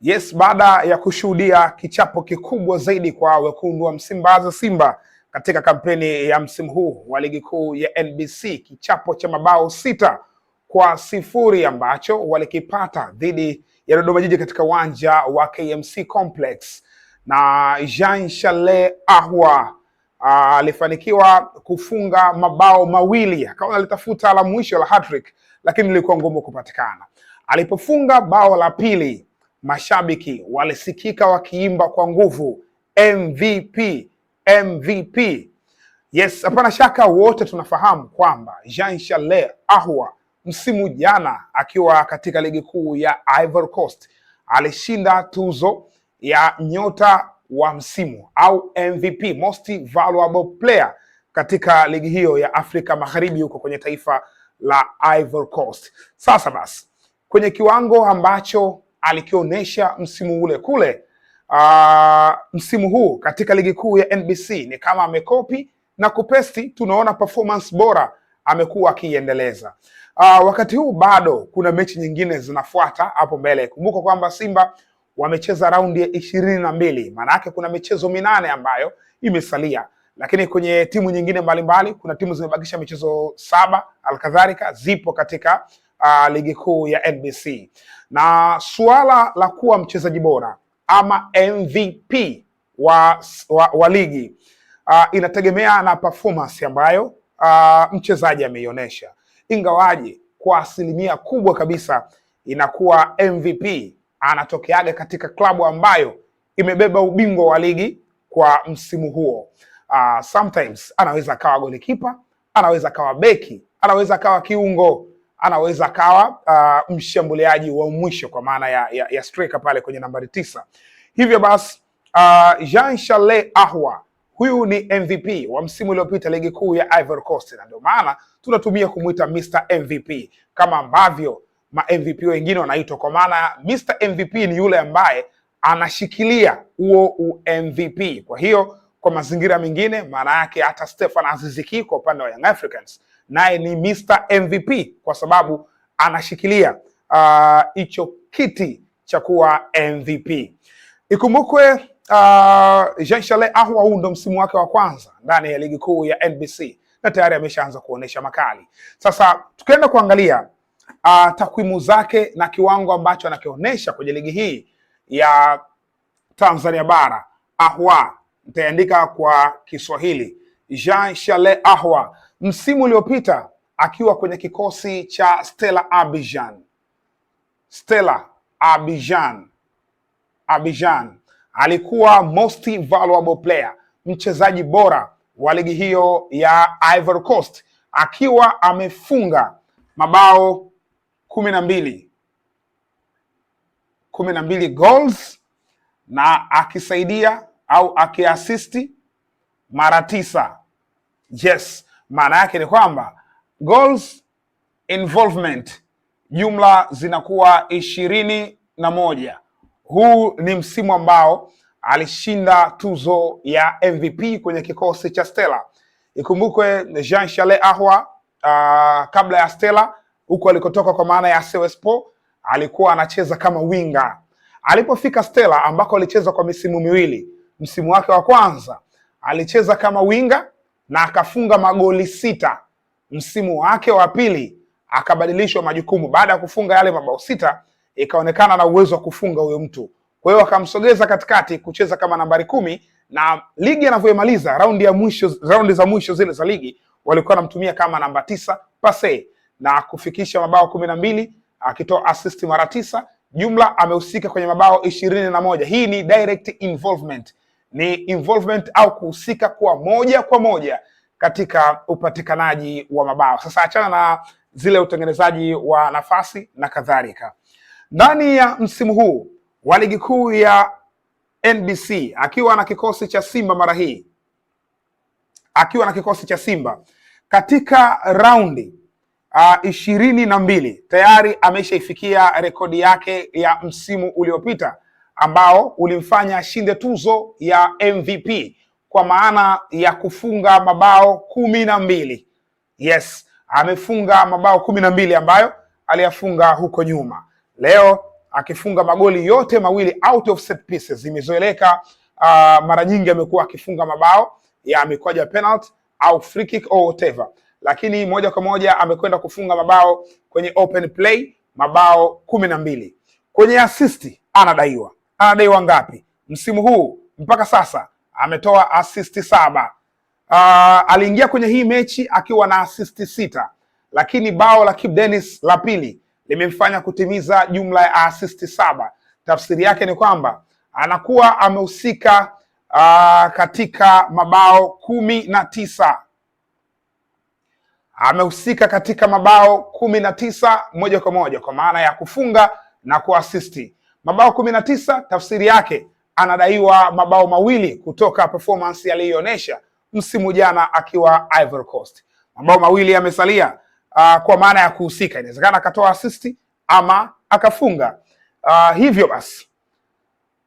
Yes, baada ya kushuhudia kichapo kikubwa zaidi kwa wekundu wa Msimbazi Simba katika kampeni ya msimu huu wa ligi kuu ya NBC, kichapo cha mabao sita kwa sifuri ambacho walikipata dhidi ya Dodoma Jiji katika uwanja wa KMC Complex, na Jean Charles Ahwa ah, alifanikiwa kufunga mabao mawili, akawa alitafuta la mwisho la hattrick, lakini lilikuwa ngumu kupatikana. Alipofunga bao la pili mashabiki walisikika wakiimba kwa nguvu MVP, MVP. Yes, hapana shaka wote tunafahamu kwamba Jean Charles Ahoua msimu jana akiwa katika ligi kuu ya Ivory Coast alishinda tuzo ya nyota wa msimu au MVP, most valuable player katika ligi hiyo ya Afrika Magharibi huko kwenye taifa la Ivory Coast. Sasa basi kwenye kiwango ambacho alikionyesha msimu ule kule. Uh, msimu huu katika ligi kuu ya NBC ni kama amekopi na kupesti, tunaona performance bora amekuwa akiiendeleza. Ah, wakati huu bado kuna mechi nyingine zinafuata hapo mbele. Kumbuka kwamba Simba wamecheza raundi ya ishirini na mbili, maana yake kuna michezo minane ambayo imesalia, lakini kwenye timu nyingine mbalimbali mbali, kuna timu zimebakisha michezo saba, alkadhalika zipo katika uh, ligi kuu ya NBC na suala la kuwa mchezaji bora ama MVP wa, wa, wa ligi uh, inategemea na performance ambayo uh, mchezaji ameionyesha, ingawaje kwa asilimia kubwa kabisa inakuwa MVP anatokeaga katika klabu ambayo imebeba ubingwa wa ligi kwa msimu huo. Uh, sometimes anaweza akawa golikipa, anaweza akawa beki, anaweza akawa kiungo anaweza akawa uh, mshambuliaji wa mwisho kwa maana ya, ya, ya striker pale kwenye nambari tisa. Hivyo basi uh, Jean Charles Ahwa huyu ni MVP wa msimu uliopita ligi kuu ya Ivory Coast, na ndio maana tunatumia kumwita Mr MVP kama ambavyo ma MVP wengine wanaitwa, kwa maana Mr MVP ni yule ambaye anashikilia huo UMVP. Kwa hiyo kwa mazingira mengine, maana yake hata Stefan Aziziki kwa upande wa Young Africans naye ni Mr MVP kwa sababu anashikilia uh, hicho uh, kiti cha kuwa MVP. Ikumbukwe uh, Jean Charles Ahoua, huu ndo msimu wake wa kwanza ndani ya ligi kuu ya NBC na tayari ameshaanza kuonesha makali. Sasa tukienda kuangalia uh, takwimu zake na kiwango ambacho anakionyesha kwenye ligi hii ya Tanzania bara, Ahoua nitaandika kwa Kiswahili Jean Charles Ahoua msimu uliopita akiwa kwenye kikosi cha Stella Abijan. Stella Abijan. Abijan alikuwa most valuable player, mchezaji bora wa ligi hiyo ya Ivory Coast akiwa amefunga mabao kumi na mbili kumi na mbili goals na akisaidia au akiasisti mara tisa. Yes, maana yake ni kwamba goals involvement jumla zinakuwa ishirini na moja. Huu ni msimu ambao alishinda tuzo ya MVP kwenye kikosi cha Stella. Ikumbukwe Jean Charles Ahwa uh, ah, kabla ya Stella huko alikotoka kwa maana ya Sewespo alikuwa anacheza kama winga. Alipofika Stella ambako alicheza kwa misimu miwili, msimu wake wa kwanza alicheza kama winga na akafunga magoli sita msimu wake wa pili, akabadilishwa majukumu baada ya kufunga yale mabao sita, ikaonekana na uwezo wa kufunga huyo mtu. Kwa hiyo akamsogeza katikati kucheza kama nambari kumi, na ligi anavyoimaliza raundi ya mwisho, raundi za mwisho zile za ligi walikuwa wanamtumia kama namba tisa pase na kufikisha mabao kumi na mbili akitoa assist mara tisa. Jumla amehusika kwenye mabao ishirini na moja. Hii ni direct involvement ni involvement au kuhusika kwa moja kwa moja katika upatikanaji wa mabao. Sasa achana na zile utengenezaji wa nafasi na kadhalika. Ndani ya msimu huu wa ligi kuu ya NBC akiwa na kikosi cha Simba mara hii akiwa na kikosi cha Simba katika raundi uh, ishirini na mbili tayari ameshaifikia rekodi yake ya msimu uliopita ambao ulimfanya ashinde tuzo ya MVP kwa maana ya kufunga mabao kumi na mbili. Yes, amefunga mabao kumi na mbili ambayo aliyafunga huko nyuma, leo akifunga magoli yote mawili out of set pieces. Imezoeleka uh, ah, mara nyingi amekuwa akifunga mabao ya mikwaju ya penalty au free kick or whatever, lakini moja kwa moja amekwenda kufunga mabao kwenye open play, mabao kumi na mbili kwenye asisti anadaiwa anadaiwa wangapi? Msimu huu mpaka sasa ametoa asisti saba. Uh, aliingia kwenye hii mechi akiwa na asisti sita, lakini bao la Kip Dennis la pili limemfanya kutimiza jumla ya asisti saba. Tafsiri yake ni kwamba anakuwa amehusika uh, katika mabao kumi na tisa amehusika katika mabao kumi na tisa moja kwa moja kwa maana ya kufunga na kuasisti mabao kumi na tisa tafsiri yake anadaiwa mabao mawili kutoka performance aliyoonyesha msimu jana akiwa Ivory Coast. Mabao mawili yamesalia uh, kwa maana ya kuhusika, inawezekana akatoa assist ama akafunga. Uh, hivyo basi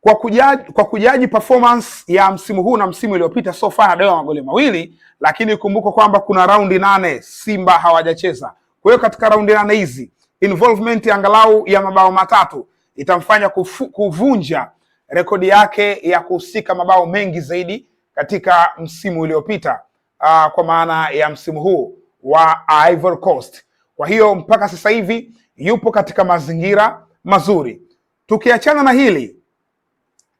kwa kujaji, kwa kujaji performance ya msimu huu na msimu uliopita so far anadaiwa magoli mawili, lakini kumbuka kwamba kuna raundi nane Simba hawajacheza. Kwa hiyo katika raundi nane hizi involvement angalau ya mabao matatu itamfanya kufu, kuvunja rekodi yake ya kuhusika mabao mengi zaidi katika msimu uliopita uh, kwa maana ya msimu huu wa Ivory Coast. Kwa hiyo mpaka sasa hivi yupo katika mazingira mazuri. Tukiachana na hili,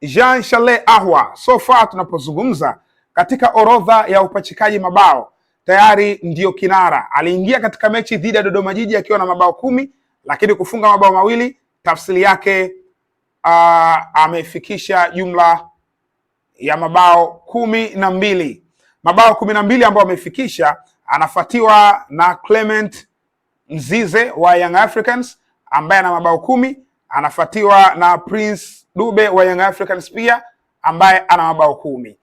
Jean Charles Ahwa sofa tunapozungumza katika orodha ya upachikaji mabao tayari ndiyo kinara. Aliingia katika mechi dhidi ya Dodoma Jiji akiwa na mabao kumi, lakini kufunga mabao mawili tafsiri yake uh, amefikisha jumla ya mabao kumi na mbili mabao kumi na mbili ambayo amefikisha, anafuatiwa na Clement Mzize wa Young Africans ambaye ana mabao kumi, anafuatiwa na Prince Dube wa Young Africans pia ambaye ana mabao kumi.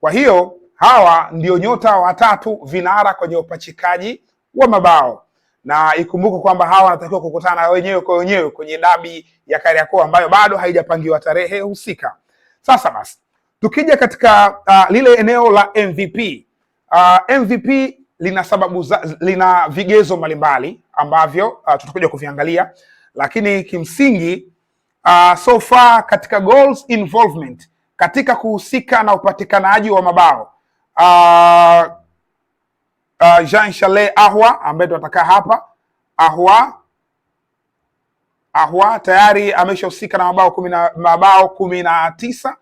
Kwa hiyo hawa ndio nyota watatu vinara kwenye upachikaji wa mabao na ikumbuke kwamba hawa wanatakiwa kukutana wenyewe kwa wenyewe kwenye dabi ya Kariakoo ambayo bado haijapangiwa tarehe husika. Sasa basi tukija katika uh, lile eneo la MVP. Uh, ah, MVP lina sababu za, lina vigezo mbalimbali ambavyo uh, tutakuja kuviangalia, lakini kimsingi uh, so far katika goals involvement, katika kuhusika na upatikanaji wa mabao uh, uh, Jean Chale Ahwa ambaye tunatakaa hapa Ahwa Ahwa tayari ameshahusika na mabao kumi na mabao kumi na tisa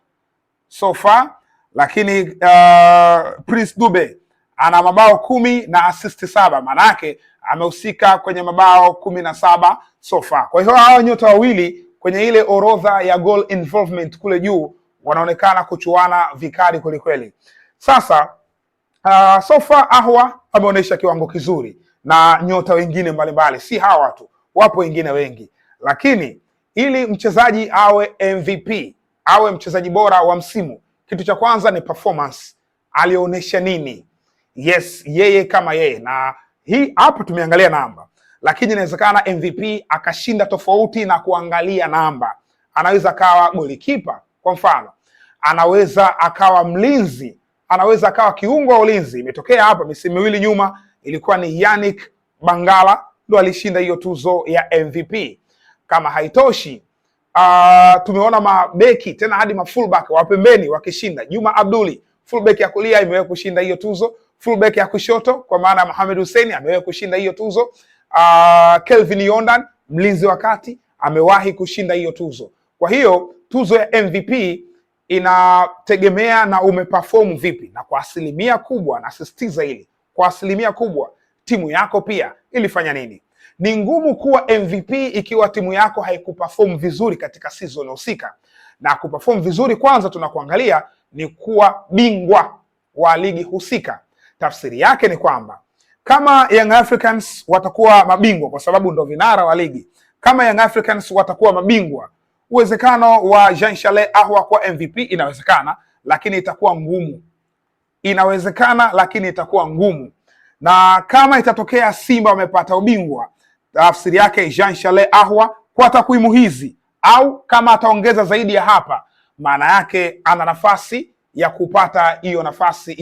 so far, lakini uh, Prince Dube ana mabao kumi na assist saba, maana yake amehusika kwenye mabao kumi na saba so far. Kwa hiyo hawa nyota wawili kwenye ile orodha ya goal involvement kule juu wanaonekana kuchuana vikali kwelikweli. Sasa uh, so far Ahwa ameonyesha kiwango kizuri na nyota wengine mbalimbali, si hawa tu, wapo wengine wengi, lakini ili mchezaji awe MVP, awe mchezaji bora wa msimu, kitu cha kwanza ni performance, alionyesha nini? Yes, yeye kama yeye, na hii hapo tumeangalia namba, lakini inawezekana MVP akashinda tofauti na kuangalia namba. Anaweza akawa golikipa kwa mfano, anaweza akawa mlinzi anaweza akawa kiungo wa ulinzi. Imetokea hapa misimu miwili nyuma, ilikuwa ni Yannick Bangala ndo alishinda hiyo tuzo ya MVP. Kama haitoshi uh, tumeona mabeki tena hadi mafullback wa pembeni wakishinda. Juma Abduli fullback ya kulia imewahi kushinda hiyo tuzo, fullback ya kushoto kwa maana ya Mohamed Hussein amewahi kushinda hiyo tuzo. Uh, Kelvin Yondan mlinzi wa kati amewahi kushinda hiyo tuzo. Kwa hiyo tuzo ya MVP inategemea na umeperform vipi, na kwa asilimia kubwa, nasisitiza hili, kwa asilimia kubwa timu yako pia ilifanya nini. Ni ngumu kuwa MVP ikiwa timu yako haikuperform vizuri katika season husika, na kuperform vizuri kwanza tunakuangalia ni kuwa bingwa wa ligi husika. Tafsiri yake ni kwamba kama Young Africans watakuwa mabingwa kwa sababu ndo vinara wa ligi, kama Young Africans watakuwa mabingwa uwezekano wa Jean Charles Ahwa kuwa MVP inawezekana, lakini itakuwa ngumu. Inawezekana, lakini itakuwa ngumu. Na kama itatokea Simba wamepata ubingwa, tafsiri yake Jean Charles Ahwa kwa takwimu hizi, au kama ataongeza zaidi ya hapa, maana yake ana nafasi ya kupata hiyo nafasi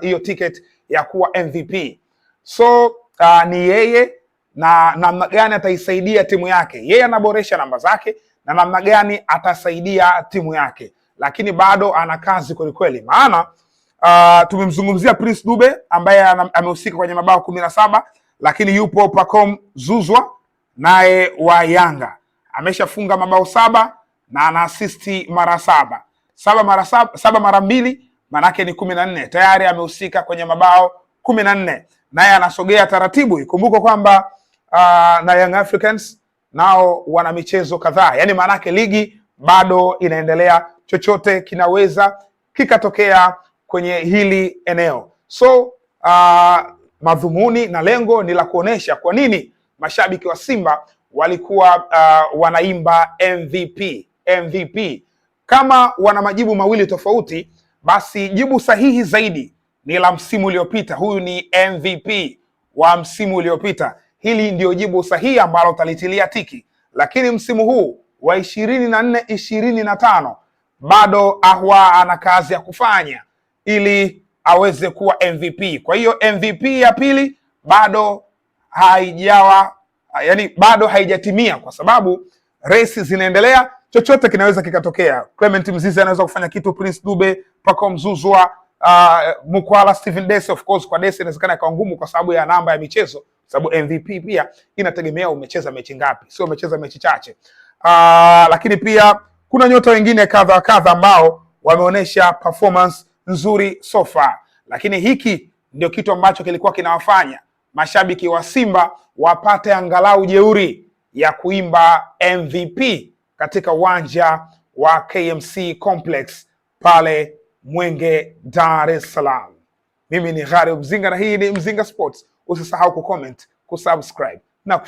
hiyo ticket ya kuwa MVP. So uh, ni yeye na namna gani ataisaidia timu yake. Yeye anaboresha namba zake, na namna gani atasaidia timu yake, lakini bado ana kazi kwelikweli, maana uh, tumemzungumzia Prince Dube ambaye amehusika kwenye mabao kumi na saba, lakini yupo Pacom Zuzwa naye wa Yanga ameshafunga mabao saba na ana asisti mara saba saba mara saba, saba mara mbili manake ni kumi na nne tayari amehusika kwenye mabao kumi na nne naye anasogea taratibu. ikumbuko kwamba uh, na Young Africans nao wana michezo kadhaa, yaani maanake ligi bado inaendelea, chochote kinaweza kikatokea kwenye hili eneo. So uh, madhumuni na lengo ni la kuonesha kwa nini mashabiki wa Simba walikuwa uh, wanaimba MVP MVP. Kama wana majibu mawili tofauti, basi jibu sahihi zaidi ni la msimu uliopita. Huyu ni MVP wa msimu uliopita hili ndio jibu sahihi ambalo utalitilia tiki. Lakini msimu huu wa ishirini na nne ishirini na tano bado Ahoua ana kazi ya kufanya ili aweze kuwa MVP. Kwa hiyo MVP ya pili bado haijawa yani, bado haijatimia kwa sababu resi zinaendelea, chochote kinaweza kikatokea. Clement Mzize anaweza kufanya kitu, Prince Dube, Pacome Zouzoua uh, Mukwala Steven Dese. Of course kwa Dese inawezekana ikawa ngumu kwa sababu ya namba ya michezo, sababu MVP pia inategemea umecheza mechi ngapi, sio umecheza mechi chache. Uh, lakini pia kuna nyota wengine kadha kadha ambao wameonyesha performance nzuri so far, lakini hiki ndio kitu ambacho kilikuwa kinawafanya mashabiki wa Simba wapate angalau jeuri ya kuimba MVP katika uwanja wa KMC Complex pale Mwenge, Dar es Salaam. Mimi ni Gharib Mzinga na hii ni Mzinga Sports. Usisahau kucomment, kusubscribe na